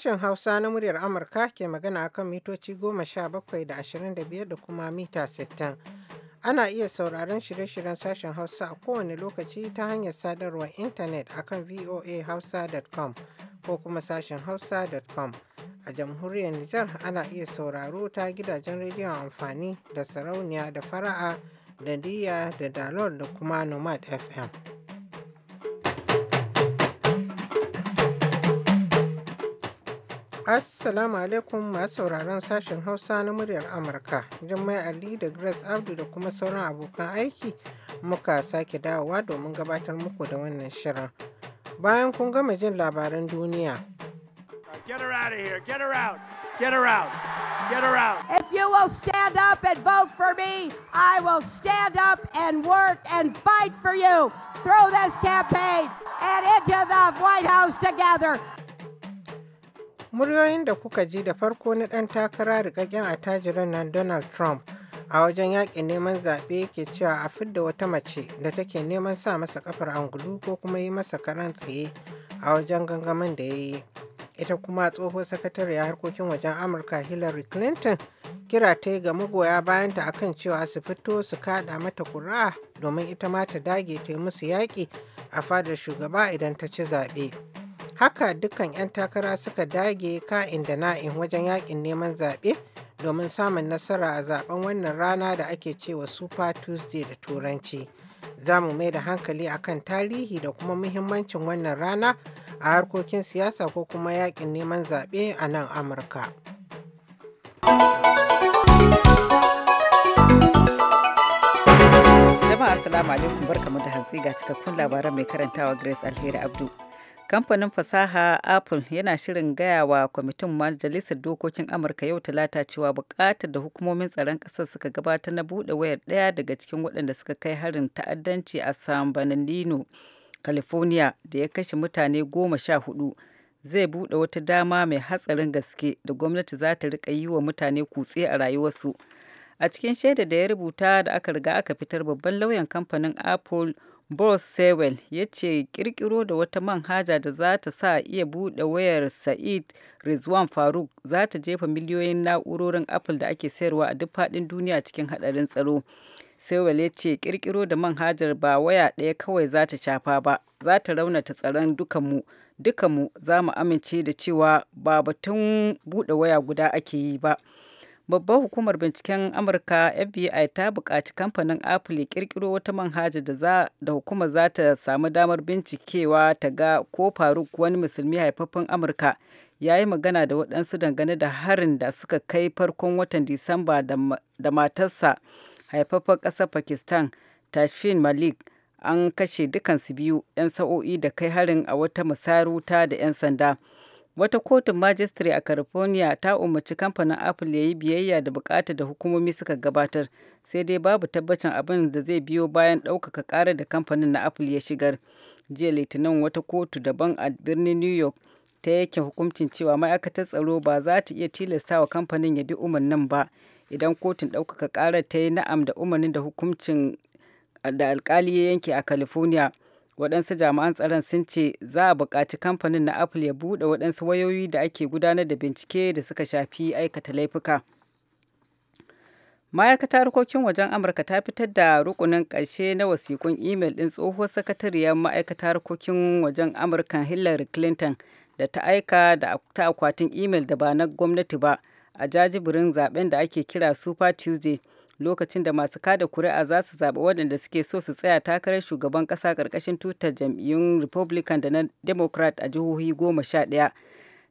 Sashen Hausa na muryar Amurka ke magana kan mitoci goma sha bakwai da ashirin da biyar da kuma mita sittin. Ana iya sauraron shirye-shiryen sashen Hausa a kowane lokaci ta hanyar sadarwar intanet akan voahausa.com ko kuma sashen hausa.com. A jamhuriyar Nijar ana iya sauraro ta gidajen rediyon amfani da sarauniya da fara'a da da dalol da kuma nomad FM. Assalamu alaikum masu sauraron sashen Hausa na muryar Amurka. Jummai Ali da Grace Abdu da kuma sauran abokan aiki muka sake dawowa domin gabatar muku da wannan shirin. Bayan kun gama jin labaran duniya. Get her out of here. Get her out. Get her out. Get her out. If you will stand up and vote for me, I will stand up and work and fight for you Throw this campaign and into the White House together. Muryoyin da kuka ji da farko na ɗan takara rikakken attajirin nan Donald Trump a wajen yaƙin neman zaɓe ke cewa a fidda wata mace da take neman sa masa kafar angulu ko kuma yi masa karan tsaye a wajen gangamin da ya yi. Ita kuma tsoho sakatariya harkokin wajen Amurka Hillary Clinton kira ta yi ga magoya bayanta akan cewa su fito su kaɗa mata ƙuri'a domin ita ma ta dage ta yi musu yaƙi a fadar shugaba idan ta ci zaɓe. Haka dukkan 'yan takara suka dage ka'in da na'in wajen yakin neman zaɓe domin samun nasara a zaben wannan rana da ake cewa Super Tuesday da Turanci. Za mu mai da hankali akan tarihi da kuma muhimmancin wannan rana a harkokin siyasa ko kuma yakin neman zaɓe a nan Amurka. Jama'a Assalamu alaikum barkamu da hantsi ga cikakkun labaran mai karantawa Grace Alheri Abdu. Kamfanin fasaha Apple yana shirin gaya wa kwamitin Majalisar Dokokin Amurka yau Talata cewa bukatar da hukumomin tsaron ƙasar suka gabatar na buɗe wayar ɗaya daga cikin waɗanda suka kai harin ta'addanci a San Bernardino, California da ya kashe mutane goma sha hudu zai buɗe wata dama mai hatsarin gaske da gwamnati za ta riƙa yi wa mutane kutse a rayuwarsu. A cikin shaida da ya rubuta da aka riga aka fitar babban lauyan kamfanin Apple Boris Sewell ya ce kirkiro da wata manhaja da za ta sa iya buɗe wayar Said Rizwan Faruk za ta jefa miliyoyin na'urorin Apple da ake sayarwa a duk faɗin duniya cikin haɗarin tsaro. Sewell ya ce kirkiro da manhajar ba waya ɗaya kawai za ta shafa ba, za ta raunata tsaron dukanmu. Dukanmu za mu amince da cewa ba batun buɗe waya guda ake yi ba. babbar hukumar binciken amurka fbi ta buƙaci kamfanin apple ya ƙirƙiro wata manhaja da, da hukumar za ta samu damar bincikewa ta ga ko faruk wani musulmi haifaffen amurka ya yi magana da waɗansu dangane da harin da suka kai farkon watan disamba da matarsa haifaffen ƙasar pakistan tashfin malik an kashe dukansu biyu 'yan sa'o'i da kai harin a wata musayar da 'yan sanda Wata kotun majistare a California ta umarci kamfanin Apple ya yi biyayya da bukatar da hukumomi suka gabatar, sai dai babu tabbacin abin da zai biyo bayan ɗaukaka ƙarar da kamfanin na Apple ya shigar. Jiya Litinin wata kotu daban a birnin New York ta yanke hukuncin cewa ma'aikatar tsaro ba za ta iya tilastawa kamfanin ya bi umarnin ba idan kotun ɗaukaka ƙarar ta yi na'am da umarnin da hukuncin da alkali ya yanke a California. waɗansu jami'an tsaron sun ce za a buƙaci kamfanin na apple ya buɗe waɗansu wayoyi da ake gudanar da bincike da suka shafi aikata laifuka ma'aikata harkokin wajen amurka ta fitar da rukunin ƙarshe na wasikun imel ɗin tsohuwar sakatariyar ma'aikata harkokin wajen amurka hillary clinton da ta aika da ta akwatin imel da ba na gwamnati ba a jajibirin zaben da ake kira super tuesday lokacin da masu kada kuri'a za su zaɓi waɗanda suke so su tsaya takarar shugaban ƙasa ƙarƙashin tutar jam'iyyun republican da na democrat a jihohi goma sha ɗaya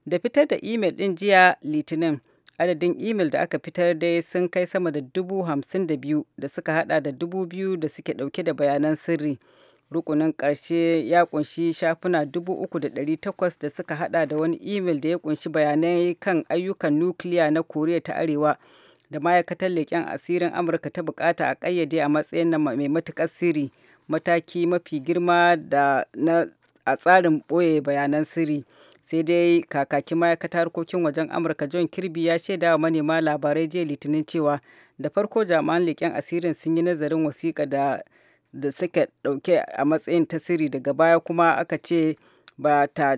da fitar da imel ɗin jiya litinin adadin imel da aka fitar dai sun kai sama da dubu hamsin da biyu da suka hada da dubu biyu da suke ɗauke da bayanan sirri rukunin ƙarshe ya kunshi shafuna dubu uku da ɗari takwas da suka hada da wani imel da ya kunshi bayanai kan ayyukan nukiliya na koriya ta arewa da ma'aikatar leƙen asirin amurka ta bukata a ƙayyade a matsayin mai matuƙar sirri mataki mafi girma da na a tsarin ɓoye bayanan sirri sai dai kakakin ma'aikatar harkokin wajen amurka john kirby ya shaidawa manema labarai jiya litinin cewa da farko jami'an leƙen asirin sun yi nazarin wasiƙa da da suka ɗauke a matsayin ta sirri daga baya kuma aka ce ba ta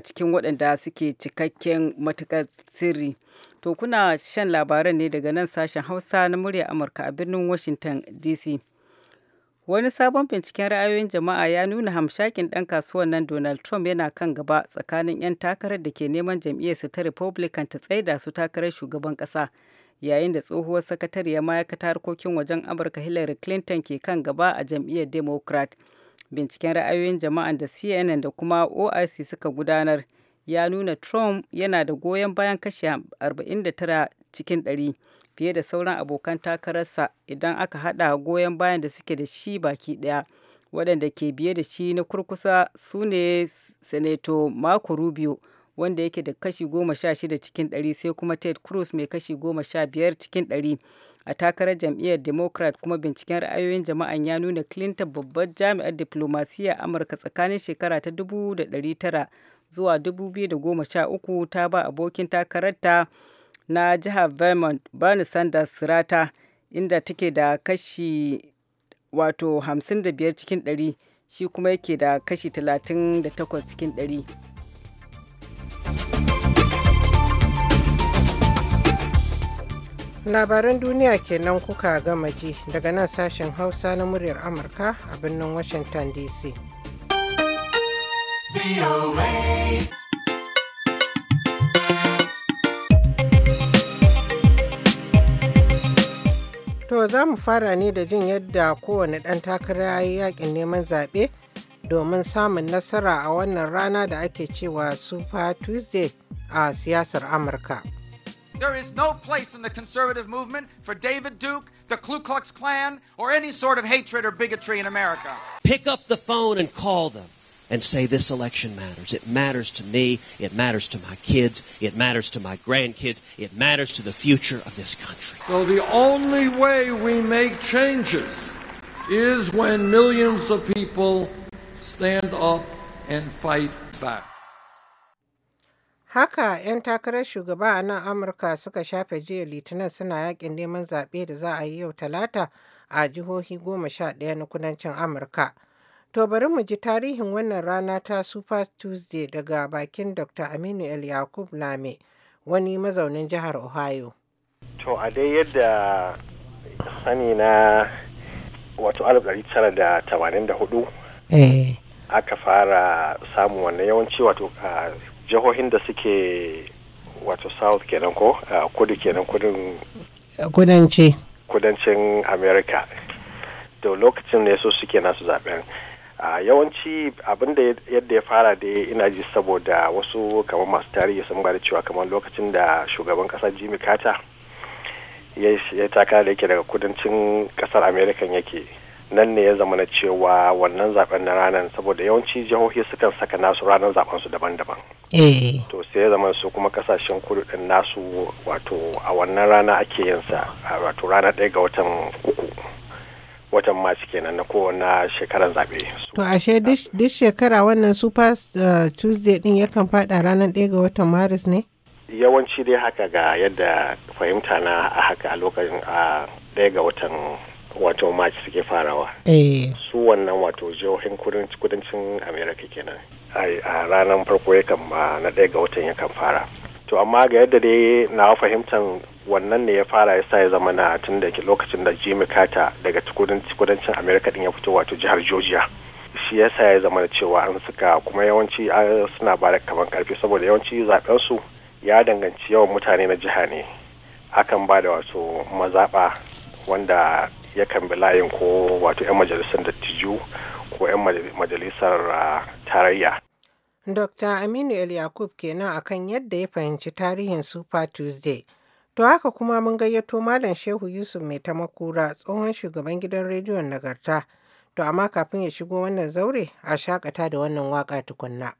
cikin waɗanda suke cikakken matuƙar sirri To kuna shan labaran ne daga nan sashen Hausa na murya Amurka a birnin Washington DC. Wani sabon binciken ra'ayoyin jama'a ya nuna hamshakin ɗan kasuwan nan Donald Trump yana kan gaba tsakanin 'yan takarar da ke neman jam'iyyarsa ta Republican ta tsaida su takarar shugaban ƙasa. Yayin da tsohuwar ya ma'aikata harkokin wajen Amurka Hillary Clinton ke kan gaba a jam'iyyar Democrat. Binciken ra'ayoyin jama'a da CNN da kuma OIC suka gudanar. ya nuna Trump yana da goyon bayan kashi 49 cikin 100 fiye da sauran abokan takararsa idan aka hada goyon bayan da suke da shi baki daya. Waɗanda ke biye da shi na kurkusa su ne Senator Marco Rubio wanda yake da kashi 16 cikin 100 sai kuma Ted Cruz mai kashi 15 cikin 100. a takarar jam'iyyar democrat kuma binciken ra'ayoyin jama'an ya nuna clinton babbar jami'ar diplomasiyya amurka tsakanin shekara ta 1900 zuwa 2013 ta ba abokin takararta na jihar vermont bernie sanders rata inda take da kashi wato 55 cikin 100 shi kuma yake da kashi 38 cikin 100 labaran duniya kenan kuka gama ji daga nan sashen hausa na muryar amurka a birnin washington dc VOA. To za mu fara ne da jin yadda kowane ɗan takara ya yi yakin neman zaɓe domin samun nasara a wannan rana da ake cewa Super Tuesday a siyasar Amurka. There is no place in the conservative movement for David Duke, the Ku Klux Klan, or any sort of hatred or bigotry in America. Pick up the phone and call them and say this election matters. It matters to me. It matters to my kids. It matters to my grandkids. It matters to the future of this country. So the only way we make changes is when millions of people stand up and fight back. Haka 'yan takarar shugaba a nan Amurka suka shafe jiya Litinin suna yakin neman zaɓe da za a yi yau Talata a jihohi goma sha ɗaya na kudancin Amurka. To bari mu ji tarihin wannan rana ta Super Tuesday daga bakin Dr. Aminu El Yakub Lame, wani mazaunin jihar Ohio. To a dai yadda sani na wato 1984 eh. aka fara samun wannan yawanci wato a jihohin da suke wato south kenan ko kudu kenan kudin kudancin america da lokacin ne so suke nasu zaben a yawanci abin da yadda ya fara da ina ji saboda wasu kamar masu tarihi sun ba da cewa kamar lokacin da shugaban kasar jimmy carter ya taka da yake daga kudancin kasar america yake nan ne ya zama na cewa wannan zaben na ranar saboda yawanci jihohi sukan saka nasu ranar zaben su daban-daban eh. to sai ya zama su kuma kasashen kudu din nasu wato a wannan rana ake yin sa wato rana ɗaya ga watan uku watan March kenan na kowane shekaran zaɓe. To ashe duk shekara wannan Super eh, Tuesday din yakan faɗa ranar ɗaya ga watan Maris ne? Yawanci dai haka ga yadda fahimta na a haka a lokacin a ɗaya ga watan wato March suke farawa. Eh. Su wannan wato jihohin kudancin Amerika kenan. A ranar farko yakan ma na ɗaya ga watan yakan fara. To amma ga yadda dai na fahimtan wannan ne ya fara ya sa ya zama na tun da ke lokacin da jimmy carter daga kudancin america din ya fito wato jihar georgia shi ya sa ya zama da cewa an suka kuma yawanci suna ba da kamar karfi saboda yawanci zaɓensu ya danganci yawan mutane na jiha ne akan ba da wato mazaɓa wanda yakan bi layin ko wato 'yan majalisar dattijo ko 'yan majalisar tarayya Dr. Aminu El Yakub kenan akan yadda ya fahimci tarihin Super Tuesday To haka kuma mun gayyato Malam Shehu Yusuf Mai Makura tsohon shugaban gidan rediyon Nagarta. To amma kafin ya shigo wannan zaure a shakata da wannan waka tukunna.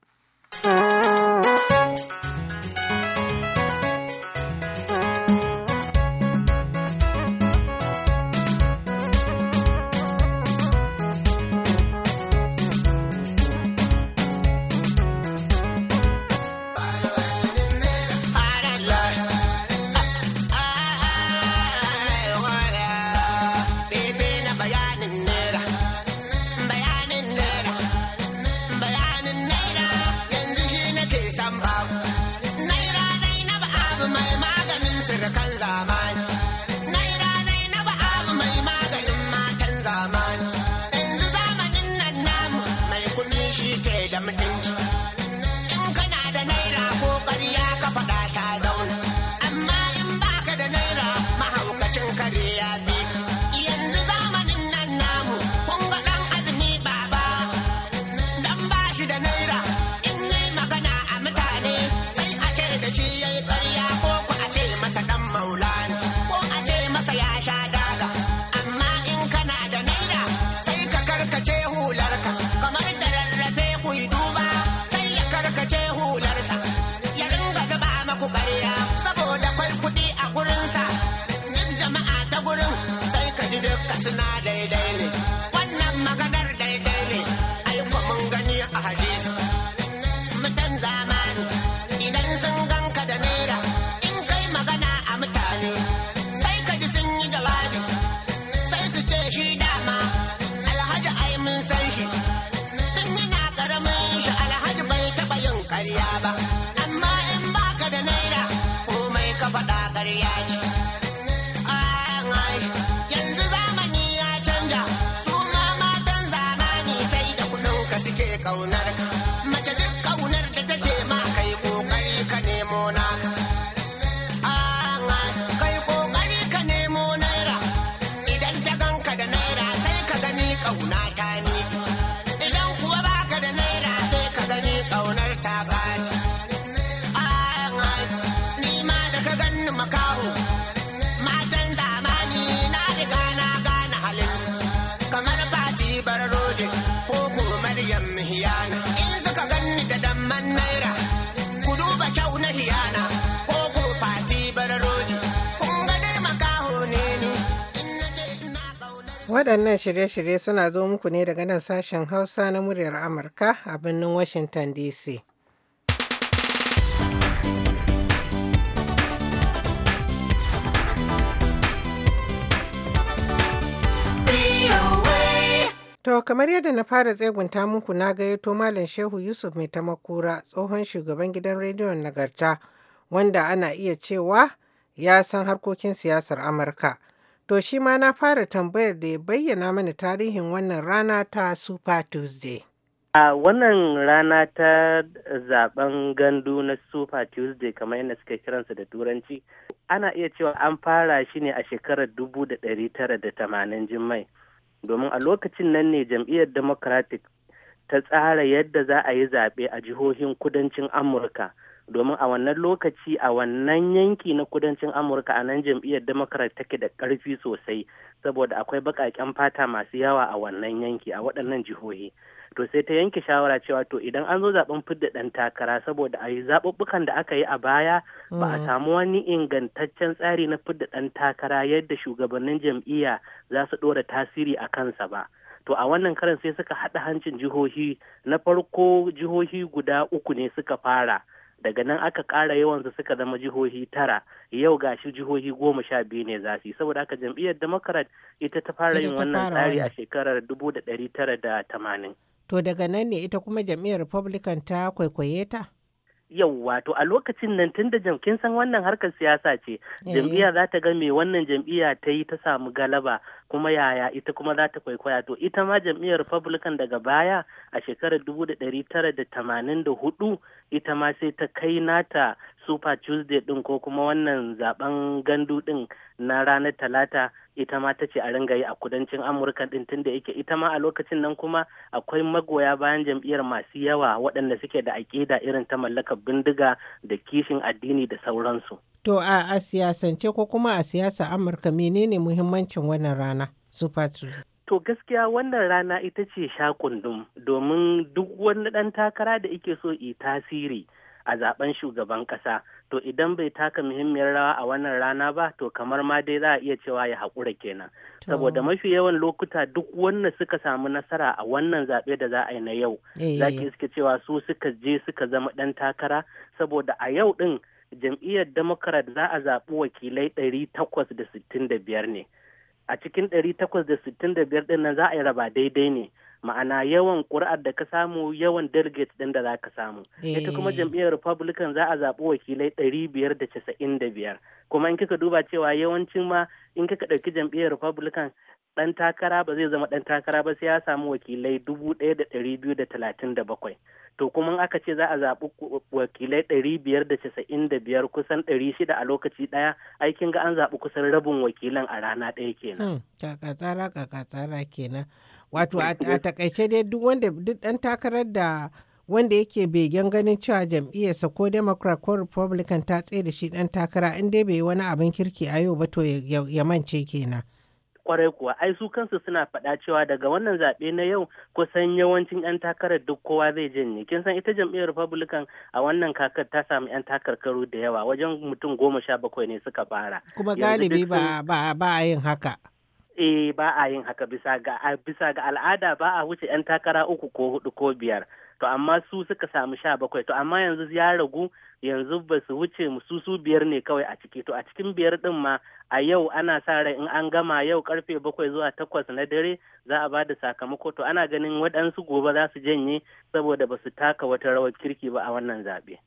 shi ke da mutunci dama alhaji ai mun san shi Waɗannan shirye-shirye suna zo muku ne daga nan sashen Hausa na muryar Amurka a birnin Washington DC. To kamar yadda na fara tsegunta muku na gayyato Malam Shehu Yusuf mai ta tsohon shugaban gidan rediyon nagarta wanda ana iya cewa ya san harkokin siyasar Amurka. To shi ma na fara tambayar da ya bayyana mana tarihin wannan rana ta Super Tuesday. A wannan rana ta zaben gandu na Super Tuesday kamar yadda suka kiransa da turanci, ana iya cewa an fara shi ne a shekarar 1980 Jummai. Domin a lokacin nan ne jam'iyyar Democratic ta tsara yadda za a yi zaɓe a jihohin kudancin Amurka. domin a wannan lokaci a wannan yanki na kudancin amurka a nan jam'iyyar democrat take da karfi sosai saboda akwai baƙaƙen fata masu yawa a wannan yanki a waɗannan jihohi to sai ta yanke shawara cewa to idan an zo zaben fidda dan takara saboda a yi zaɓuɓɓukan da aka yi a baya ba a mm. samu wani ingantaccen tsari na fidda dan takara yadda shugabannin jam'iyya za su ɗora tasiri a kansa ba to a wannan karan sai suka haɗa hancin jihohi na farko jihohi guda uku ne suka fara daga nan aka ƙara su suka zama jihohi tara yau ga shi jihohi goma sha biyu ne za su saboda haka jam'iyyar democrat ita ta fara yin wannan tsari a shekarar dubu da ɗari tara da tamanin. to daga nan ne ita kuma jam'iyyar republican ta kwaikwaye ta. yauwa to a lokacin nan tun da kin san wannan harkar siyasa ce eh. jam'iyya za ta ga me wannan jam'iyya ta yi ta samu galaba kuma yaya ita kuma za ta kwaikwaya to ita ma jam'iyyar republican daga baya a shekarar 1984 ita ma sai ta kai nata super tuesday din ko kuma wannan zaben gandu ɗin na ranar talata ita ma ta ce a ringa yi a kudancin amurka din tunda yake ita ma a lokacin nan kuma akwai magoya bayan jam'iyyar masu yawa waɗanda suke da aƙida irin ta mallakar bindiga da kishin addini da sauransu To a, siyasance ko kuma a siyasa Amurka menene muhimmancin wannan rana? Super To gaskiya wannan rana ita ce sha shakundum domin duk wani ɗan takara da ike so yi tasiri a zaben shugaban ƙasa. To idan bai taka muhimmiyar rawa a wannan rana ba to kamar ma dai za a iya cewa ya haƙura kenan. Saboda mafi yawan lokuta duk wannan suka samu nasara a wannan zaɓe da za a yi na yau. Eh. Za ki iske cewa su suka je suka zama ɗan takara saboda a yau ɗin jam'iyyar democrat za a zaɓi wakilai 865 ne a cikin 865 ɗin nan za a yi raba daidai ne ma'ana yawan ƙuri'ar da ka samu yawan delegates ɗin da za ka samu ita kuma eh. jam'iyyar republican za a zaɓi wakilai ɗari biyar da casa'in da biyar kuma in kika duba cewa yawancin ma in kika ɗauki jam'iyyar republican ɗan takara ba zai zama ɗan takara ba sai ya samu wakilai dubu ɗaya da ɗari biyu da talatin da bakwai to kuma aka ce za a zaɓi wakilai ɗari biyar da casa'in da biyar kusan ɗari shida a lokaci ɗaya aikin ga an zaɓi kusan rabin wakilan a rana ɗaya kenan. Hmm, kaka tsara kaka tsara kenan. wato a takaice dai duk wanda duk dan takarar da wanda yake begen ganin cewa jam'iyyarsa ko democrat ko republican ta tsaye da shi dan takara in dai bai wani abin kirki a yau ba to ya mance kenan kwarai kuwa ai su kansu suna faɗa cewa daga wannan zaɓe na yau kusan yawancin 'yan takarar duk kowa zai janye kin san ita jam'iyyar republican a wannan kakar ta samu 'yan takarkaru da yawa wajen mutum goma sha bakwai ne suka fara kuma galibi ba a yin haka eh ba a yin haka bisa ga bisa ga al'ada ba a wuce 'yan takara uku ko hudu ko biyar to amma su suka samu sha bakwai to amma yanzu ya ragu yanzu ba su wuce su su biyar ne kawai a ciki to a cikin biyar din ma a yau ana sa rai in an gama yau karfe bakwai zuwa takwas na dare za a ba da sakamako to ana ganin waɗansu gobe za su janye saboda ba su taka wata rawar kirki ba a wannan zaɓe.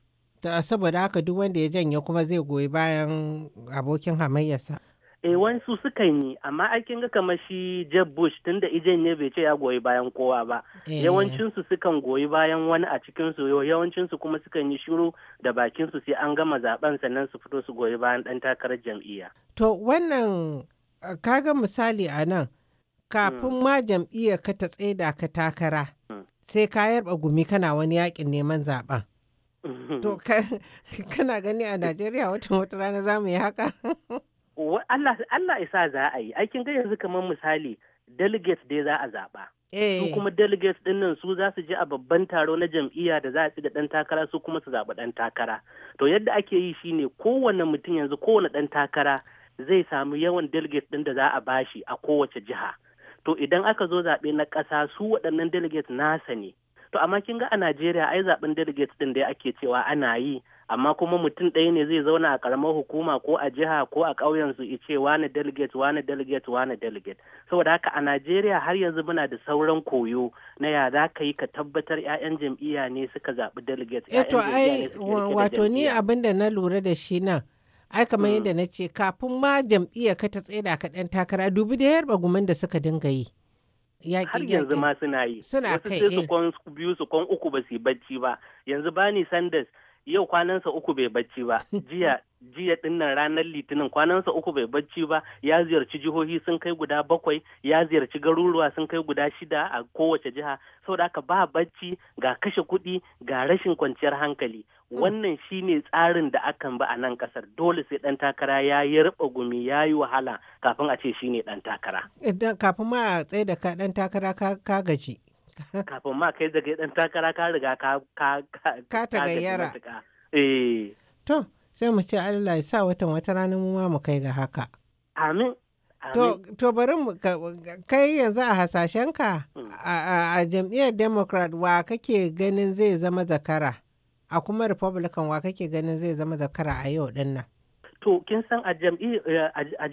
saboda haka duk wanda ya janye kuma zai goyi bayan abokin hamayyarsa. eh wansu sukan yi amma aikin ga kamar shi Jeb Bush tunda ijen e ne bai ce ya goyi bayan kowa ba eh. yawancin su sukan goyi bayan wani a cikin su yawancin kuma sukan yi shiru da bakinsu sai an gama zaben sannan su fito su goyi bayan dan takarar jam'iyya to wannan kaga misali a nan kafin hmm. ma jam'iyyar ka ta tsaida ka takara hmm. sai ka yarba gumi kana wani yakin neman zaben hmm. to kana gani a najeriya watan wata rana za mu yi haka Allah Allah isa za a yi aikin ga yanzu kamar misali delegates dai za a zaɓa. Eh. Su kuma delegates ɗin nan su za su je a babban taro na jam'iyya da za ci da ɗan takara su kuma su zaɓi ɗan takara. To yadda ake yi shine kowane mutum yanzu kowane ɗan takara zai samu yawan delegates ɗin da za a bashi a kowace jiha. To idan aka zo zaɓe na ƙasa su waɗannan delegates nasa ne. To amma kin ga a Najeriya ai zaɓen delegates ɗin da ake cewa ana yi amma kuma mutum ɗaya ne zai zauna a ƙaramar hukuma ko a jiha ko a ƙauyensu i ce wani delegate wani delegate wani delegate saboda haka a najeriya har yanzu muna da sauran koyo na ya za ka yi ka tabbatar 'ya'yan jam'iyya ne suka zaɓi delegate eto eh, ai wato ni abin da na lura da shi nan ai kamar mm. yadda na ce kafin ma jam'iyya ka ta tsaida ka ɗan takara dubi da yarba gumin da suka dinga yi har yanzu ma suna yi suna kai su eh. biyu su kwan uku ba su yi bacci ba yanzu bani sanders yau kwanansa uku bai bacci ba jiya jiya dinnan ranar litinin kwanansa uku bai bacci ba ya ziyarci jihohi sun kai guda bakwai ya ziyarci garuruwa sun kai guda shida a kowace jiha saboda haka ba bacci ga kashe kuɗi ga rashin kwanciyar hankali hmm. wannan shine tsarin da akan bi a nan kasar dole sai dan takara ya yi riba gumi ya yi wahala kafin a ce shine eh, dan takara kafin ma a tsaye da ka dan takara ka gaji kafin ma kai zage dan takara ka riga ka ka ka ta gayyara eh to sai mu ce Allah ya sa watan wata rana mu ma mu kai ga haka amin To, to bari kai yanzu a hasashenka hmm. a jam'iyyar democrat wa kake ganin zai zama zakara a kuma republican wa kake ganin zai zama zakara a yau nan. to kin san a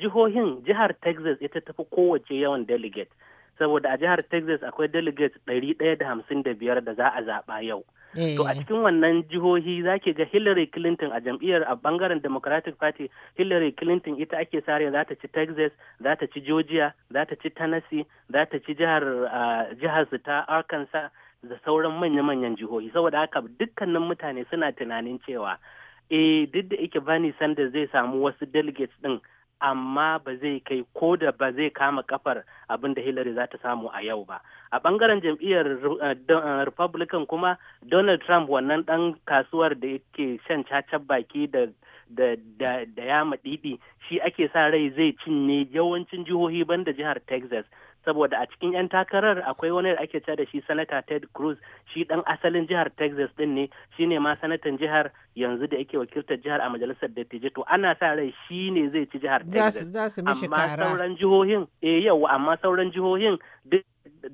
jihohin jihar texas ita tafi kowace yawan delegate saboda a jihar texas akwai delegates ɗari ɗaya da hamsin da biyar da za a zaɓa yau eh. to a cikin wannan jihohi za ki ga hillary clinton a jam'iyyar a bangaren democratic party hillary clinton ita ake sare za ta ci texas za ta ci georgia za ta ci tennessee za ta ci jihar jihar su ta arkansas da sauran manya-manyan jihohi saboda haka dukkanin mutane suna tunanin cewa eh duk da yake Bernie Sanders zai samu wasu delegates din amma ba zai kai ko da ba zai kama kafar abin da Hillary za ta samu a yau ba. A bangaren jam'iyyar eh, eh, Republican kuma Donald Trump wannan ɗan kasuwar da yake shan cacar baki da da, da, da yama ɗiɗi shi ake sa rai zai cinye yawancin jihohi banda jihar Texas saboda a cikin 'yan takarar akwai wani da ake da shi sanata ted cruz shi dan asalin jihar texas din ne shi ma sanatan jihar yanzu da yake wakiltar jihar a majalisar dattijai to ana sa rai shi ne zai ci jihar texas amma sauran jihohin eh yau amma sauran jihohin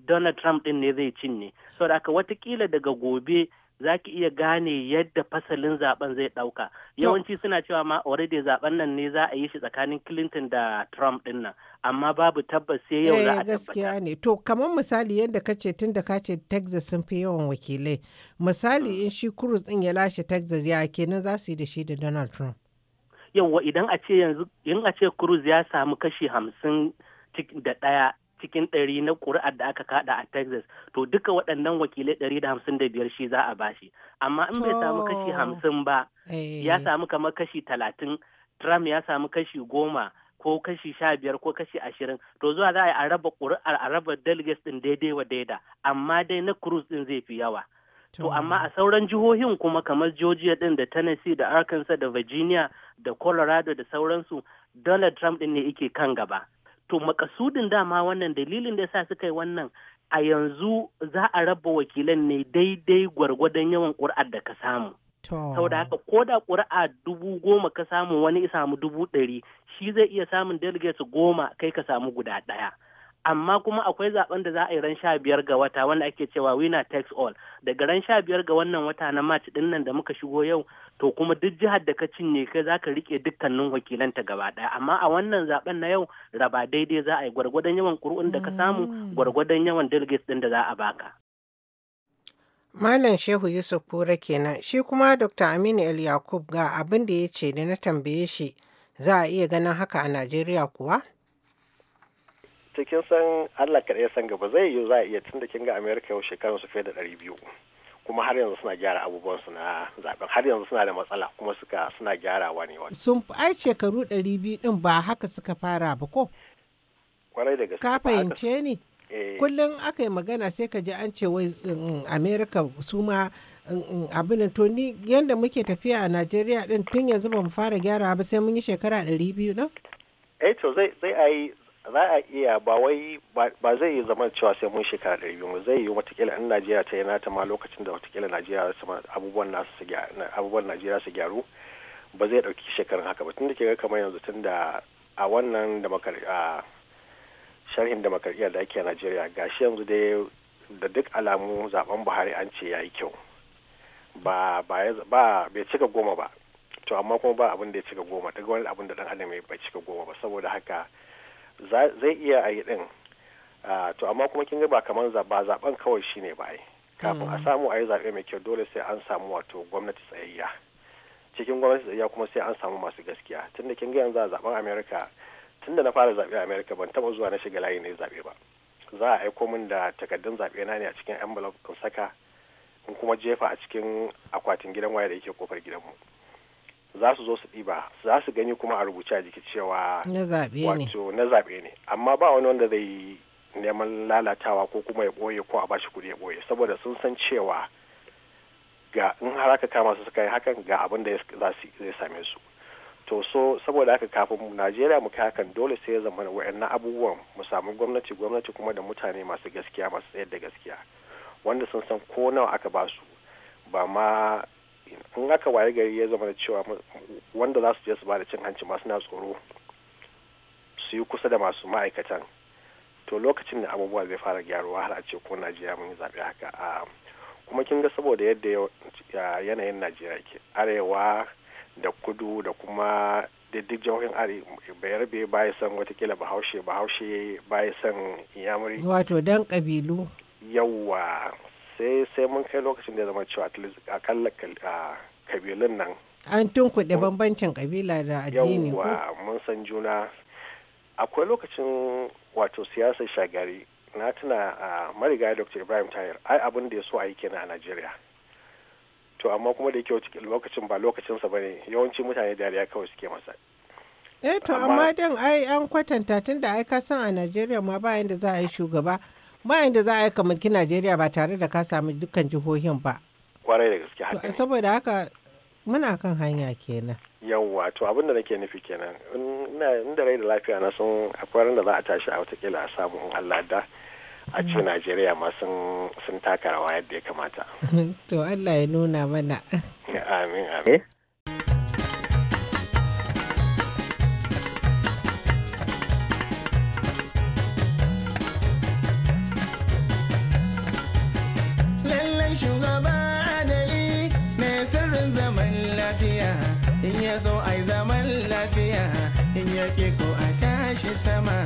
donald trump din ne zai cinye saboda haka watakila daga gobe za ki iya gane yadda fasalin zaben zai ɗauka. Yawanci suna cewa ma already zaben nan ne za a yi shi tsakanin Clinton da Trump din nan. Amma babu tabbas sai yau za a eh, gaskiya ne. To, kamar misali yadda ka ce tun da ka ce Texas sun fi yawan wakilai. Misali in shi Cruz din ya lashe Texas ya kenan za su yi da shi da Donald Trump. Yawwa idan a ce yanzu in a ce Cruz ya samu kashi hamsin da ɗaya cikin ɗari na ƙuri'ar da aka kada a Texas to duka waɗannan wakilai ɗari da hamsin da biyar shi za a bashi amma in bai samu kashi hamsin ba eh. ya samu kamar kashi talatin Trump ya samu kashi goma ko kashi sha biyar ko kashi ashirin to zuwa za a yi a raba ƙuri'ar a raba delegates ɗin daidai wa daida amma dai na Cruz ɗin zai fi yawa. To amma a sauran jihohin kuma kamar Georgia ɗin da Tennessee da Arkansas da Virginia da Colorado da sauransu Donald Trump ɗin ne yake kan gaba. to makasudin dama wannan dalilin da sa suka yi wannan a yanzu za a raba wakilan ne daidai gwargwadon yawan ƙuri'ar da ka samu saboda haka ko da ƙuri'a dubu goma ka samu wani isa samu dubu ɗari shi zai iya samun delegates goma kai ka samu guda ɗaya amma kuma akwai zaben da za a yi ran sha biyar ga wata wanda ake cewa wina takes all daga ran sha biyar ga wannan wata na march din da muka shigo yau to kuma duk jihar da ka cinye kai za ka rike dukkanin wakilanta gaba ɗaya amma a wannan zaben na yau raba daidai za a yi gwargwadon yawan kur'un da ka samu mm. gwargwadon yawan delegates din da za a baka Malam Shehu Yusuf Kura kenan shi kuma Dr. Aminu El Yakub ga abin da ya ce da na tambaye shi za a iya ganin haka a Najeriya kuwa? cikin san Allah kaɗai ya san gaba zai yi za a iya tun da kin ga Amerika yau shekarun su fiye da ɗari biyu kuma har yanzu suna gyara abubuwan su na zaben har yanzu suna da matsala kuma suka suna gyarawa ne wani. Sun ai shekaru ɗari biyu ɗin ba haka suka fara ba ko? Kwarai da gaske. Ka fahimce ni? Eh. Kullum aka yi magana sai ka ji an ce wai Amerika su ma abin to ni yadda muke tafiya a Najeriya din tun yanzu ba mu fara gyara ba sai mun yi shekara ɗari biyu na? Eh to zai zai za a iya ba wai ba zai yi zama cewa sai mun shekara ɗari biyu zai yi watakila in najeriya ta yi nata ma lokacin da watakila najeriya abubuwan nasu su abubuwan najeriya su gyaru ba zai ɗauki shekarun haka ba tun da ke kamar yanzu tun da a wannan a sharhin demokaradiyyar da ake a najeriya shi yanzu dai da duk alamu zaben buhari an ce ya yi kyau ba ba bai cika goma ba to amma kuma ba abin da ya cika goma daga wani abin da dan adam bai cika goma ba saboda haka zai iya a yi din to amma kuma kin ga ba kamar ba zaben kawai shine ba ai kafin a mm. samu a yi zaɓe mai kyau dole sai an samu wato gwamnati tsayayya cikin gwamnati tsayayya kuma sai an samu masu gaskiya tunda kin ga yanzu zaben america tunda na fara zaɓe a america ban taɓa zuwa na shiga layi na zaɓe ba za a aiko min da takardun zaɓe na ne a cikin envelope in saka in kuma jefa a cikin akwatin gidan waya da yake kofar gidanmu za su zo su ɗiba za su gani kuma a rubuce a jiki cewa na zaɓe ne amma ba wani wanda zai neman lalatawa ko kuma ya ɓoye ko a bashi kuɗi ya ɓoye saboda sun san cewa ga in har aka kama su suka yi hakan ga abin da zai same su to so saboda haka kafin najeriya mu kai hakan dole sai ya zama wa'annan abubuwan mu samu gwamnati gwamnati kuma da mutane masu gaskiya masu tsayar da gaskiya wanda sun san ko nawa aka ba su ba ma in aka waye gari ya zama da cewa wanda za su je su ba da cin hanci masu na tsoro su yi kusa da masu ma'aikatan to lokacin da abubuwa zai fara gyaruwa har a ce ko najeriya mun yi zaɓe haka a kuma kin ga saboda yadda yanayin najeriya ke arewa da kudu da kuma duk jihohin bayarbe ya san watakila bahaushe bahaushe ya san yamuri wato dan kabilu yawwa. sai sai mun kai lokacin da ya zama cewa a akalla kabilun nan an kuɗe bambancin kabila da addini ko mun san juna akwai lokacin wato siyasar shagari na tuna a mariga dr ibrahim tahir ai abin da ya so a yi kenan a najeriya to amma kuma da yake lokacin ba lokacinsa ba ne yawanci mutane dariya kawai suke masa eh to amma dan ai an kwatanta tun da ai ka san a Najeriya ma bayan da za a yi shugaba bayan da za a yi ki najeriya ba tare da ka sami dukkan jihohin ba kwarai da gaske haka saboda haka muna kan hanya kenan yawwa to abin da nake nufi kenan inda rai da lafiya na sun akwai da za a tashi a watakila a samu in allah da a ce mm. najeriya ma sun taka rawa yadda ya kamata to allah ya nuna mana amin amin eh? sama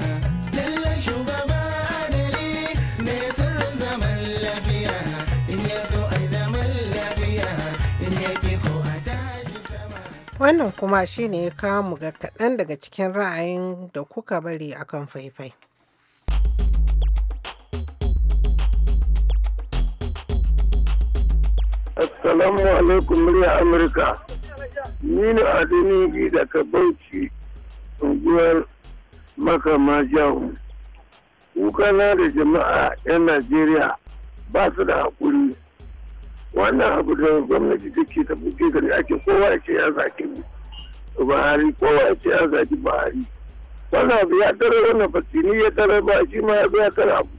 lallan shugaba adali ne sirrin zaman lafiya in ya so a zaman lafiya in ya ke ko a tashi sama wannan kuma shine ya kamu ga kaɗan daga cikin ra'ayin da kuka bari a kan faifai Assalamu alaikum murya Amurka. Ni ne Adini daga Bauchi, unguwar makama jawo kukana da jama'a 'yan najeriya ba su da haƙuri wannan abu da gwamnati take ta buke gari ake kowa ya ce ya zaki buhari kowa ya ce ya zaki buhari wani abu ya tare wannan fasini ya tare ba shi ma ya zo ya tare abu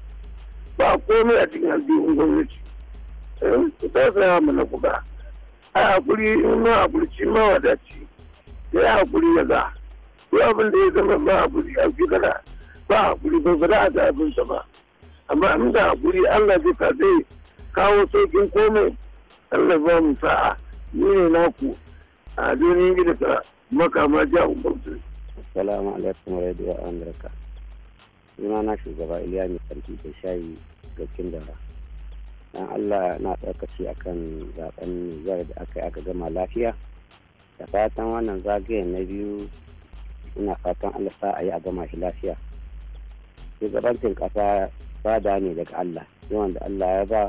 ba komai a cikin aljihun gwamnati eh, ku ta saya mana kuka a haƙuri in ma haƙuri ma wadaci ya haƙuri ya za duk abin da ya zama ba hakuri a fi kana ba hakuri ba za a ta abin sa ba amma in da hakuri Allah zai zai kawo saukin komai Allah ba mu sa'a ni ne naku a duniyar gida ta makama ja umarci. Assalamu alaikum radio Amurka. Suna na shugaba Iliya mai sarki da shayi ga Kindara. Dan Allah na tsarkaci akan zaben zai da aka yi aka gama lafiya. Da fatan wannan zagayen na biyu ina fatan Allah sa a yi a gama shi lafiya shugabancin ƙasa bada ne daga Allah yawan da Allah ya ba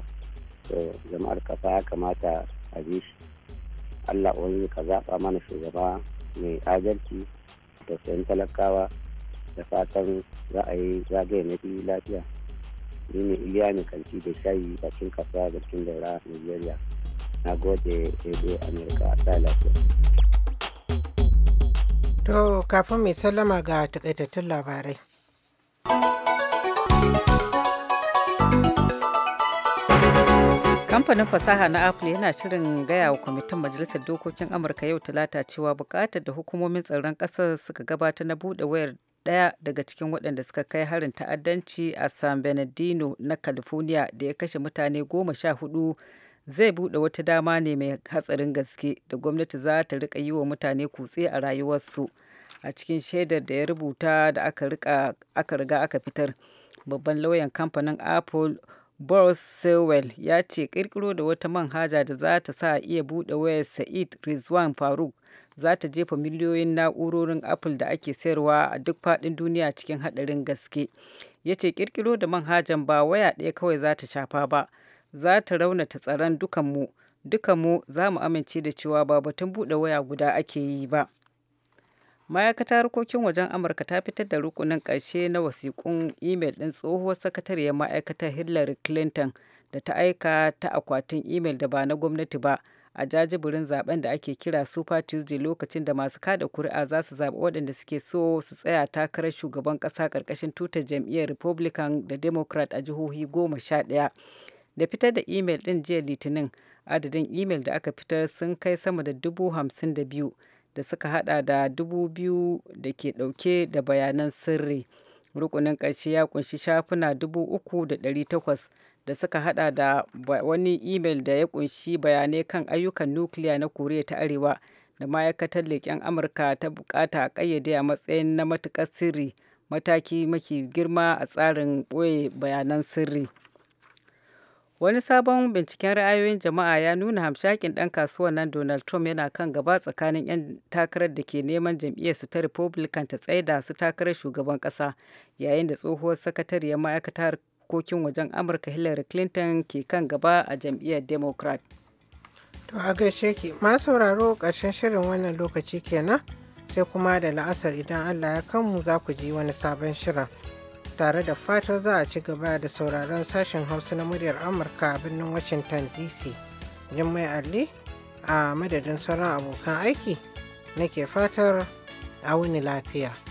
jama'ar ƙasa ya kamata a bi shi Allah wani ka zaɓa mana shugaba mai adalci da sayan talakawa da fatan za a yi zagaye na biyu lafiya ni ne iliya ne kanti da shayi a bakin da cikin daura nigeria na gode daidai amurka a sa lafiya To kafin mai sallama ga takaitattun labarai. kamfanin fasaha na apple yana shirin gaya wa kwamitin majalisar dokokin amurka yau talata cewa bukatar da hukumomin tsaron ƙasar suka gabata na buɗe wayar ɗaya daga cikin waɗanda suka kai harin ta'addanci a san benedino na california da ya kashe mutane goma sha hudu zai buɗe wata dama ne mai hatsarin gaske da gwamnati za ta rika yi wa mutane kutse a rayuwarsu a cikin shaidar da ya rubuta da aka riga aka fitar babban lauyan kamfanin apple boris sewell ya ce kirkiro da wata manhaja da za ta sa iya buɗe wayar sa'id rizwan faruk za ta jefa miliyoyin na'urorin apple da ake sayarwa a duk faɗin duniya cikin haɗarin gaske ya ce kirkiro da manhajan ba waya ɗaya kawai za ta shafa ba za ta raunata tsaron dukanmu dukanmu za mu amince da cewa ba batun buɗe waya guda ake yi ba ma'aikatar harkokin wajen amurka ta fitar da rukunin ƙarshe na wasiƙun imel ɗin tsohuwar sakatariyar ma'aikatar hillary clinton da ta aika ta akwatin imel da ba na gwamnati ba a jajibirin zaben da ake kira super tuesday lokacin da masu kada kuri'a za su zaɓi waɗanda suke so su tsaya takarar shugaban ƙasa ƙarƙashin tutar jam'iyyar republican da democrat a jihohi goma sha ɗaya da fitar da imel din jiya litinin adadin imel da aka fitar sun kai sama da dubu hamsin da biyu da suka hada da dubu biyu da ke ɗauke da bayanan sirri rukunin karshe ya kunshi shafuna dubu uku da ɗari takwas da suka hada da wani imel da ya kunshi bayanai kan ayyukan nukiliya na koriya ta arewa da ma'aikatar leƙen amurka ta bukata a ƙayyade a matsayin na matukar sirri mataki mafi girma a tsarin ɓoye bayanan sirri Wani sabon binciken ra'ayoyin jama'a ya nuna hamshakin ɗan kasuwan nan Donald Trump yana kan gaba tsakanin 'yan takarar da ke neman jam'iyyarsu ta Republican ta tsaida su takarar shugaban ƙasa, yayin da tsohuwar sakatariyar ma'aikatar harkokin wajen Amurka Hillary Clinton ke kan gaba a jam'iyyar Democrat. To a gaishe ki, ma sauraro ƙarshen shirin wannan lokaci kenan, sai kuma da la'asar idan Allah ya kanmu za ku ji wani sabon shirin. tare da fatan za a ci gaba da sauraron sashen hausa na muryar amurka a birnin washington dc mai Alli a madadin sauran abokan aiki nake fatar a wuni lafiya